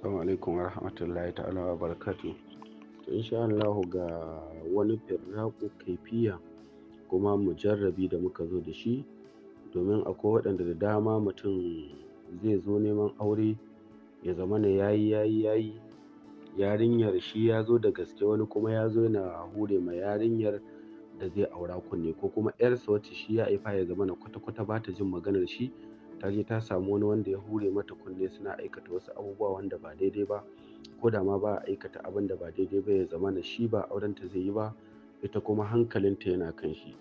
Assalamu alaikum wa rahmatullahi ta'ala wa barakatu. Insha Allah ga wani firaku kaifiya kuma mujarrabi da muka zo da shi domin akwai waɗanda da dama mutum zai zo neman aure ya zamana yayi yayi yayi yarinyar shi ya zo da gaske wani kuma ya zo yana hure ma yarinyar da zai aura kunne ko kuma 'yarsa wacce shi ya haifa ya zamana kwata-kwata ba ta jin maganar shi ta je ta samu wani wanda ya hure mata kunne suna aikata wasu abubuwa wanda ba daidai ba ko da ma ba a aikata abin da ba daidai ba ya zamana shi ba aurenta zai yi ba ita kuma hankalinta yana kan shi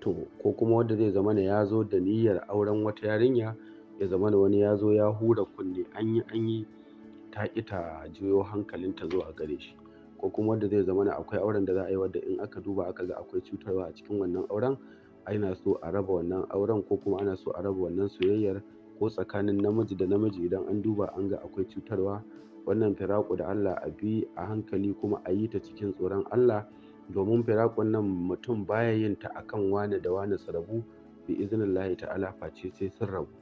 to ko kuma wanda zai zamana na ya zo da niyyar auren wata yarinya ya zama wani ya zo ya hura kunne an yi an yi ta ki ta juyo hankalinta zuwa gare shi ko kuma wanda zai zamana akwai auren da za a yi wadda in aka duba aka ga akwai cutarwa a cikin wannan auren ana so a raba wannan auren ko kuma ana so a raba wannan soyayyar ko tsakanin namiji da namiji idan an duba an ga akwai cutarwa wannan firaku da Allah a bi a hankali kuma a yi ta cikin tsoron Allah domin firakun nan mutum baya yin ta akan wane da wane su rabu bi iznillahi ta'ala face sai sun rabu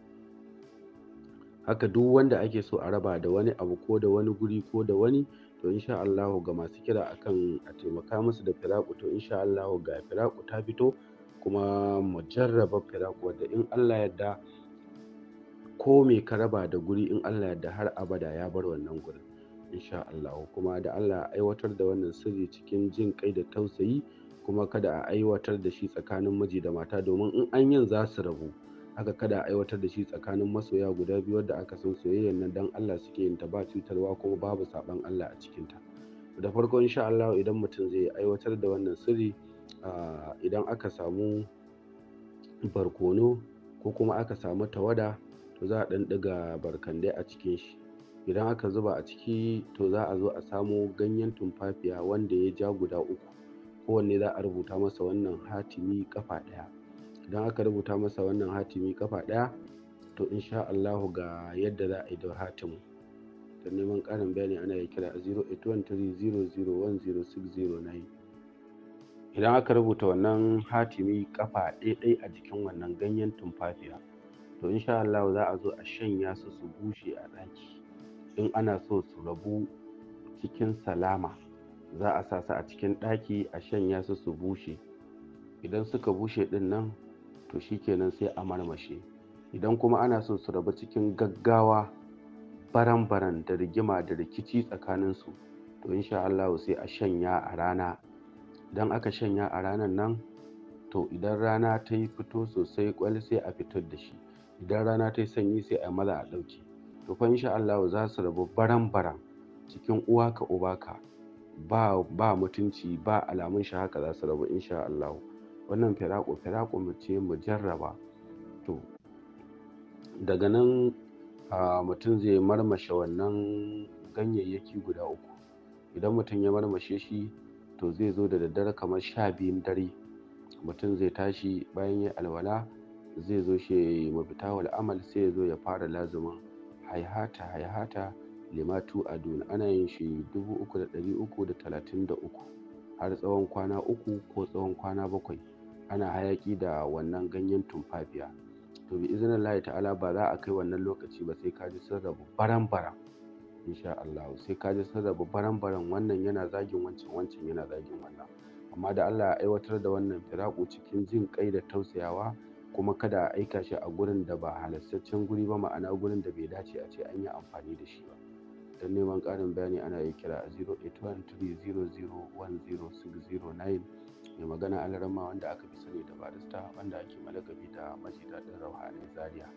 haka duk wanda ake so a raba da wani abu ko da wani guri ko da wani to insha Allah ga masu kira akan a taimaka musu da firaku to insha Allah ga firaku ta fito kuma mu jarraba firaku wadda in Allah yadda ko mai karaba da guri in Allah yadda har abada ya bar wannan gurin insha Allah kuma da Allah ya aiwatar da wannan sirri cikin jin kai da tausayi kuma kada a aiwatar da shi tsakanin miji da mata domin in an yin za su rabu haka kada a aiwatar da shi tsakanin masoya guda biyu wadda aka san soyayyar nan dan Allah suke yin ta ba cutarwa kuma babu saban Allah a cikinta. ta da farko insha Allah idan mutum zai aiwatar da wannan sirri idan aka samu barkono ko kuma aka samu tawada to za a ɗan ɗiga barkandai a cikin shi idan aka zuba a ciki to za a zo a samo ganyen tumfafiya wanda ya ja guda uku kowanne za a rubuta masa wannan hatimi kafa ɗaya idan aka rubuta masa wannan hatimi kafa ɗaya to insha Allah ga yadda za a yi da hatimin da neman ƙarin bayani ana iya kira a 0813001060 idan aka rubuta wannan hatimi kafa ɗaiɗai a jikin wannan ganyen tumfafiya to insha Allah za a zo a shanya su su bushe a ɗaki in ana so su rabu cikin salama za a sa su a cikin ɗaki a shanya su su bushe idan suka bushe ɗin nan to shikenan sai a marmashe idan kuma ana so su rabu cikin gaggawa baran-baran da rigima da rikici tsakaninsu to insha Allah sai a shanya a rana idan aka shanya a ranar nan to idan rana ta yi fito sosai kwal sai a fitar da shi idan rana ta yi sanyi sai a maza a ɗauki. to fa insha Allah za su rabu baran-baran cikin uwa ka uba ka ba ba mutunci ba alamun shi haka za su rabu insha Allah wannan firako firako mu ce mu jarraba to daga nan mutum zai marmashe wannan ganyayyaki guda uku idan mutum ya marmashe shi to zai zo da daddare kamar sha biyun dare mutum zai tashi bayan ya alwala zai zo shi ya yi mafita wal amal sai ya zo ya fara lazumin haihata haihata limatu a adun ana yin shi dubu uku da ɗari uku da talatin da uku har tsawon kwana uku ko tsawon kwana bakwai ana hayaki da wannan ganyen tumfafiya to bi izinin Allah ta'ala ba za a kai wannan lokaci ba sai ka ji sun baran baran insha Allah sai ka ji sun baran baran wannan yana zagin wancan wancan yana zagin wannan amma da Allah ya aiwatar da wannan firaku cikin jin kai da tausayawa kuma kada a aika shi a gurin da ba halastaccen guri ba ma'ana gurin da bai dace a ce an yi amfani da shi ba don neman ƙarin bayani ana yi kira a 081 300 mai magana alarama wanda aka fi sani da barista wanda ake malakabi da maji daɗin rauhanai zaria